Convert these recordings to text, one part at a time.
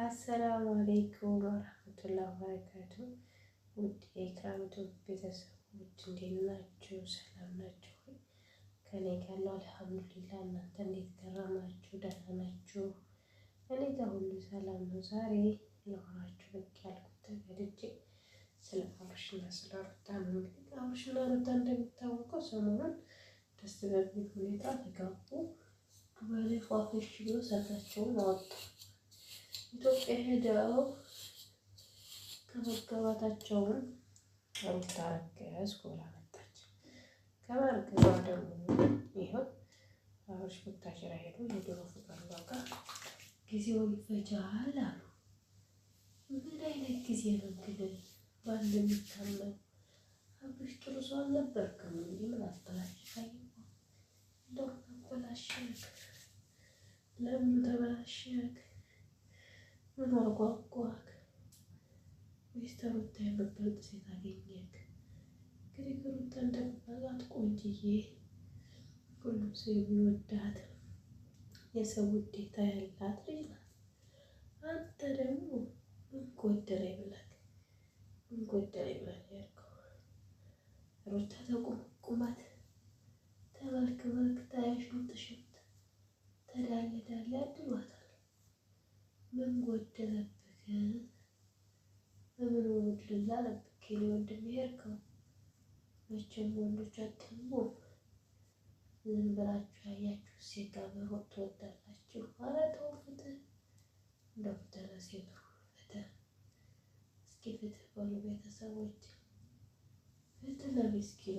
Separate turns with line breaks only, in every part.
አሰላሙ አሌይኩም ወራህመቱላሂ ወበረካቱ። ውድ የኢክራምቱ ቤተሰቦች እንዴት ናችሁ? ሰላም ናችሁ? ከኔ ካለው አልሐምዱሊላህ። እናንተ እንዴት ገረማችሁ? ደህና ናችሁ? እኔ ጋር ሁሉ ሰላም ነው። ዛሬ ለሆናችሁ ብቅ ያልኩት ተገድጄ ስለ አብርሽና ስለ ሩታ ነው። እንግዲህ አብርሽና ሩታ እንደሚታወቀው ሰሞኑን ደስ በሚል ሁኔታ ተጋቡ። በሌ ፏፈሽ ብሎ ሰርጋቸውን አወጡ። ኢትዮጵያ ሄደው ከመገባታቸውን ሩታ ረገዝኩ ብላ መጣች። ከማርገዟ ደግሞ ይኸው አብርሽ ቡታጅራ ሄዱ። የድሮ ፍቅር ዋጋ ጊዜውን ይፈጃል አሉ። ምን አይነት ጊዜ ነው እንግዲህ ባል የሚታመን አብርሽ ጥሩ ሰው አልነበርክም። ምን አበላሽክ ለምን ተበላሽክ? ምን አርጓጓክ? ሚስተር ሩታ የምትበልጥ ሴት አገኘክ። እንግዲህ ሩታ እንደምትበላት ቆንጅዬ፣ ሁሉም ሰው የሚወዳት የሰው ውዴታ ያላት ልጅ ናት። አንተ ደግሞ ምን ጎደለኝ ብለህ ምን ጎደለኝ ብለህ ያልከው ሩታ ተቁመቁማት ተመልክ መልክ ታያሽ ተሸብት ተዳለ ዳለ ምን ጎደለብህ? በምን ወድላ ለብክ የኔ ወንድም ሄድከው መቼም ወንዶች አትሙ ዝም ብላችሁ ያያችሁ ሴት ጋር መሮጥ ትወዳላችሁ። ኧረ ተው ፍትህ፣ ፍትህ ለሴቱ ፍትህ፣ እስኪ ፍትህ በሉ ቤተሰቦች፣ ፍትህ ለሚስኪኗ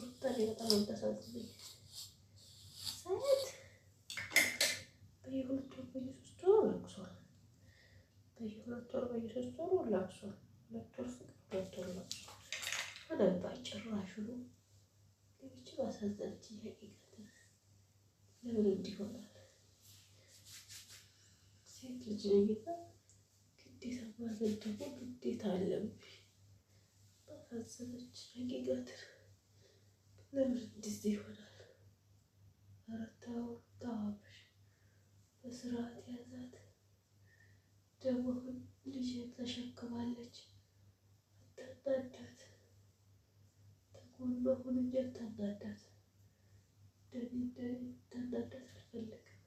ሩታዬ በጣም የምታሳዝበኝ ሳያት በየሁለት ወር በየሶስት ለቅሷል። በየሁለት ወር በየሶስት ወሩ ለቅሷል። ሁለት ወር ፍቅር፣ ሁለት ወር ለቅሶ ጭራሽ ነው። ለምን እንዲሆናል? ሴት ልጅ ግዴታ ማዘን ደግሞ ግዴታ አለብኝ። ለምን እንደዚህ ይሆናል? ኧረ ተው ተዋብሽ፣ በስርዓት ያዛት። ደግሞ ልጅ ተሸክማለች፣ አታናዳት። ተጎን በሁን እንጂ አታናዳት። እንደኔ እንደኔ አታናዳት አልፈልግም።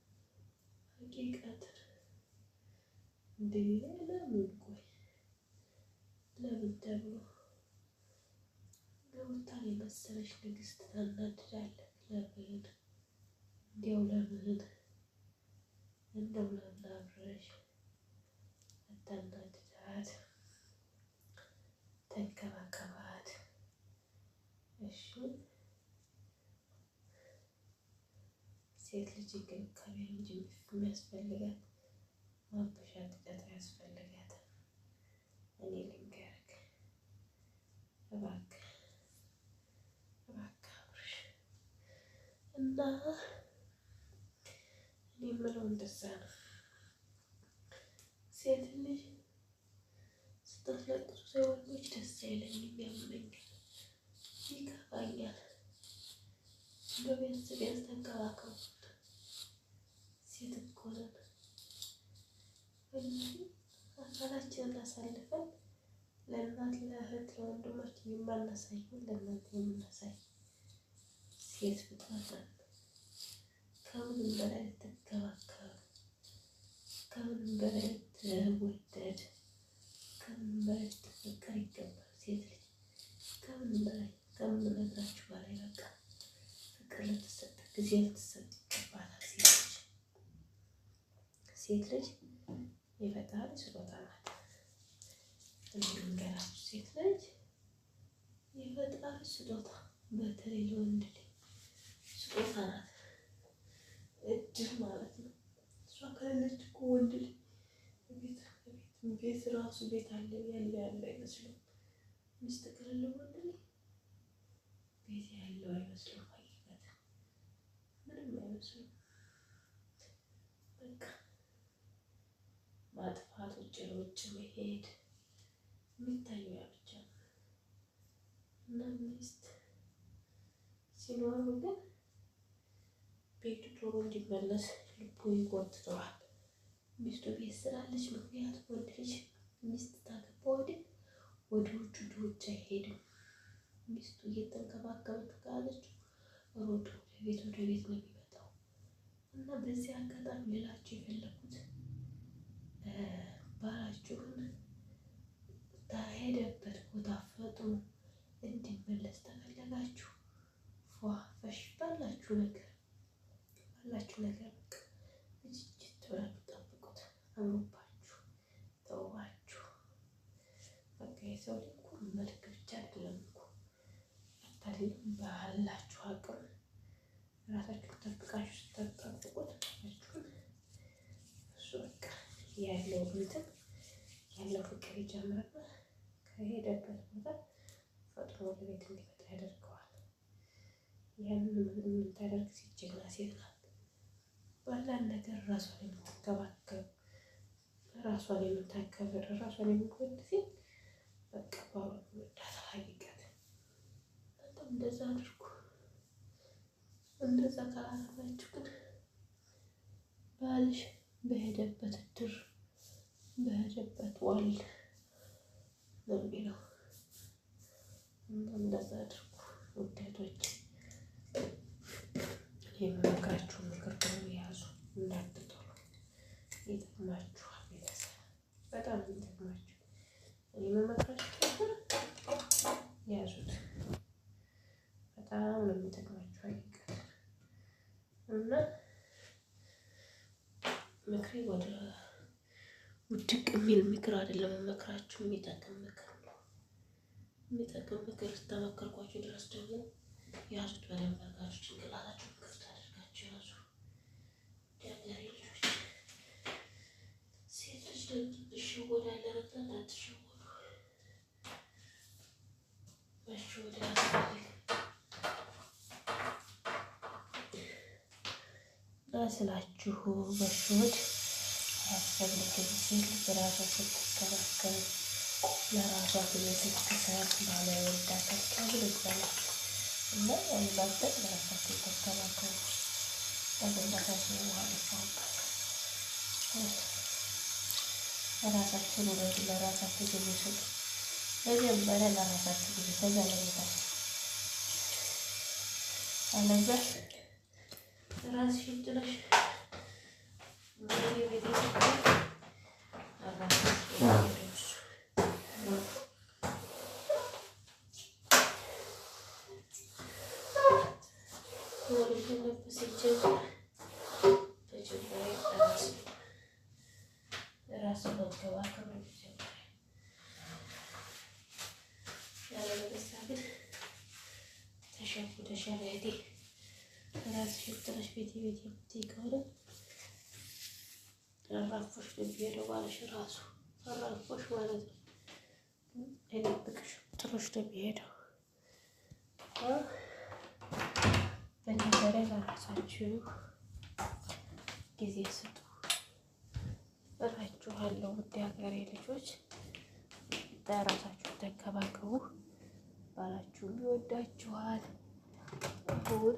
ሀቂቃትን እንዴ ለምን ቆይ ለምን ተብሎ ሩታን የመሰለች ንግስት ታናድዳለህ። ለምን እንዲያው ለምን እንደው ለምን አብረሽ አታናድዳት፣ ተንከባከባት። እሺ ሴት ልጅ እንክብካቤ እንጂ የሚያስፈልጋት ማበሻ ያስፈልጋት። እኔ ልንገርክ እባክህ እና እኔ የምለው እንደዛ ነው። ሴት ልጅ ስታስለቅሱ ሰዎች ደስ አይለኝም፣ ያመኛል፣ ይከፋኛል። በቤተሰብ ቢያንስ ተንከባከቡት። ሴት እኮ ነን። አካላችንን አሳልፈን ለእናት ለእህት፣ ለወንድማችን የማናሳየው ለእናንተ የምናሳይ ሴት ፍጥረት ናት። ከምንም በላይ ትከባከብ ከምንም በላይ ትወደድ፣ ከምንም በላይ ትፈቀር ይገባል። ሴት ልጅ ከምንም በላይ ከምንም ነግራችሁ በላይ በቃ ፍቅር ልትሰጥ ጊዜ ልትሰጥ ይገባላል። ሴት ልጅ ሴት ልጅ የፈጣሪ ስጦታ ናት። እንዲሁም ገራችሁ ሴት ልጅ የፈጣሪ ስጦታ በተለይ ለወንድ ልጅ ስጦታ ናት። እድል ማለት ነው። እሷ ከሌለች እኮ ወንድ ልጅ ቤት ራሱ ቤት አለ ያለ ያለ አይመስልም። ሚስት ከሌለ ወንድ ቤት ያለው አይመስልም። ሀቂቀት ምንም አይመስልም። በቃ ማጥፋት፣ ውጭ ለውጭ መሄድ የሚታየው ያ ብቻ ነው እና ሚስት ሲኖረው ግን ቤቱ ቶሎ እንዲመለስ ልቡ ይጎትተዋል። ሚስቱ ቤት ስላለች፣ ምክንያቱም ወንድ ልጅ ሚስት ታገባ ወዲህ ወደ ውጭ ድሮች አይሄድም። ሚስቱ እየተንከባከበች ካለችው ሮጦ ወደ ቤት ወደ ቤት ነው የሚመጣው እና በዚህ አጋጣሚ ሌላቸው የፈለኩት ባላችሁን ታሄደበት ቦታ ፈጥኖ እንዲመለስ ተፈለጋችሁ ፏ ፈሽ ባላችሁ ነገር ሁላችሁ ነገር ዝግጅት ብላችሁ ጠብቁት። አምሮባችሁ ተውባችሁ በቃ የሰው ልጅ እኮ መልክ ብቻ አይደለም እኮ አታድርም። ባላችሁ አቅም ራሳችሁ ጠብቃችሁ ስታጠብቁት ራሳችሁን እሱ በቃ ያለው እንትን ያለው ፍቅር ይጨምርና ከሄደበት ቦታ ፈጥኖ ወደ ቤት እንዲመጣ ያደርገዋል። ያንን ምን ታደርግ ሲጀግና ሴት ነው። ዋናን ነገር ራሷን የምትንከባከብ ራሷን የምታከብር ራሷን የምትወድ ሴት በቃ ባሏን ወዳት ሀይቀት በጣም እንደዛ አድርጉ። እንደዛ ካላረጋችሁ ግን ባልሽ በሄደበት እድር በሄደበት ዋል ነው የሚለው እንደዛ አድርጉ ውዴቶች፣ የምመክራችሁ ምክር ምክር አይደለም መክራችሁ የሚጠቅም ምክር ነው። የሚጠቅም ምክር ስተመከርኳችሁ ድረስ ደግሞ ያዙት በደንብ አድርጋችሁ ጭንቅላታችሁን ክፍት አድርጋችሁ ያዙ። የሀገሬ ልጆች፣ ሴት ልጅ ልሽወዳ ያለረበት አትሽወዱ። መሸወዳ ያስፈልግ ስላችሁ መሸወድ ሲያስፈልገኝ ሲል የራሷ ስትከባከብ ለራሷ ብዬ ስትሰር ባለ ወዳታል ከብር ይባላል እና ያንባበት ለራሳቸው ተከባከቡ በገንዳታችን ውሃ ደፋውበት ጊዜ ስጡ። መጀመሪያ ለራሳችሁ ጊዜ ከዛ ለቤታችሁ። አለዛ ራስሽን ጥለሽ ተሸፍ ወደ ሸፍ ቤቴ ራስ ሽፍ ጥረሽ ቤቴ ቤቴ ቤቴ ከሆነ ተረራፎሽ ልብ የሚሄደው ራሱ ተረራፎሽ ማለት ነው። አይጠብቅሽ ጥሎሽ ልብ የሚሄደው። በተለይ ለራሳችሁ ጊዜ ስጡ እላችኋለሁ። ውድ ሀገሬ ልጆች ለራሳችሁ ተንከባከቡ። ባላችሁ ይወዳችኋል። አሁን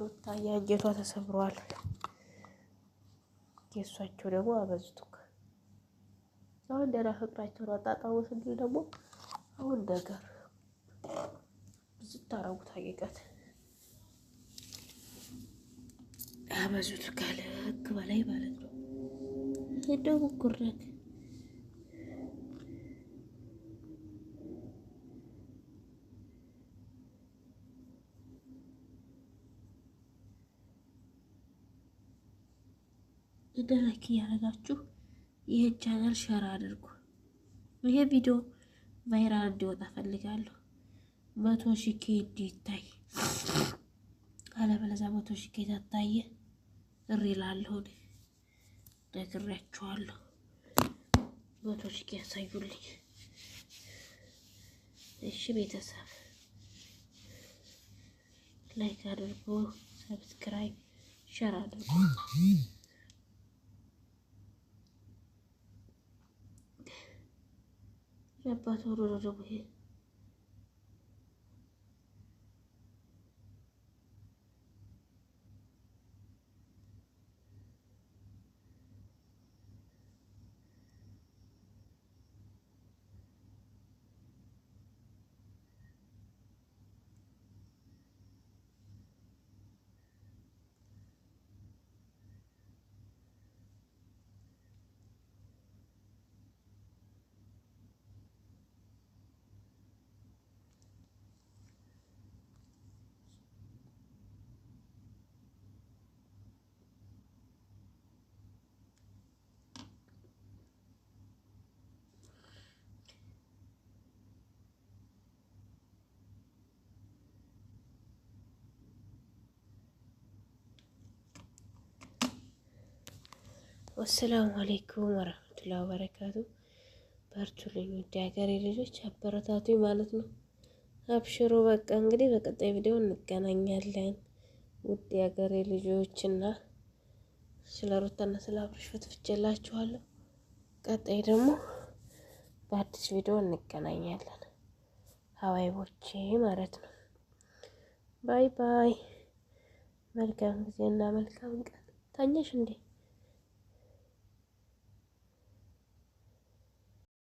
ሩታ የአንጀቷ ተሰብሯል። የእሷቸው ደግሞ አበዙት። አሁን ደህና ፍቅራቸውን አጣጣሙ ስንል ደግሞ አሁን ነገር ብዙ ታረጉት ሀቂቀት አበዙት ካለ ህግ በላይ ማለት ነው እንደው ጉረት ላይክ እያደረጋችሁ ይህ ቻናል ሸር አድርጉ። ይሄ ቪዲዮ ቫይራል እንዲወጣ ፈልጋለሁ። መቶ ሺ ኬ እንዲታይ አለበለዚያ መቶ ሺ ኬ ታታየ እሪ ላለሁ ነግሬያችኋለሁ። መቶ ሺ ኬ ያሳዩልኝ። እሺ ቤተሰብ ላይክ አድርጎ ሰብስክራይብ ሸር አድርጎ 아빠 도로로 보이 ወሰላሙ አሌይኩም ወረህመቱላ ወበረካቱ። በርቱልኝ ውድ ሀገሬ ልጆች አበረታቱ ማለት ነው። አብሽሮ በቃ እንግዲህ በቀጣይ ቪዲዮ እንገናኛለን። ውድ ሀገሬ ልጆች እና ስለ ሩታና ስለ አብርሽ ፈትፍቼላችኋለሁ። ቀጣይ ደግሞ በአዲስ ቪዲዮ እንገናኛለን። ሀዋይቦቼ ማለት ነው። ባይ ባይ። መልካም ጊዜ እና መልካም ቀን። ታኘሽ እንዴ?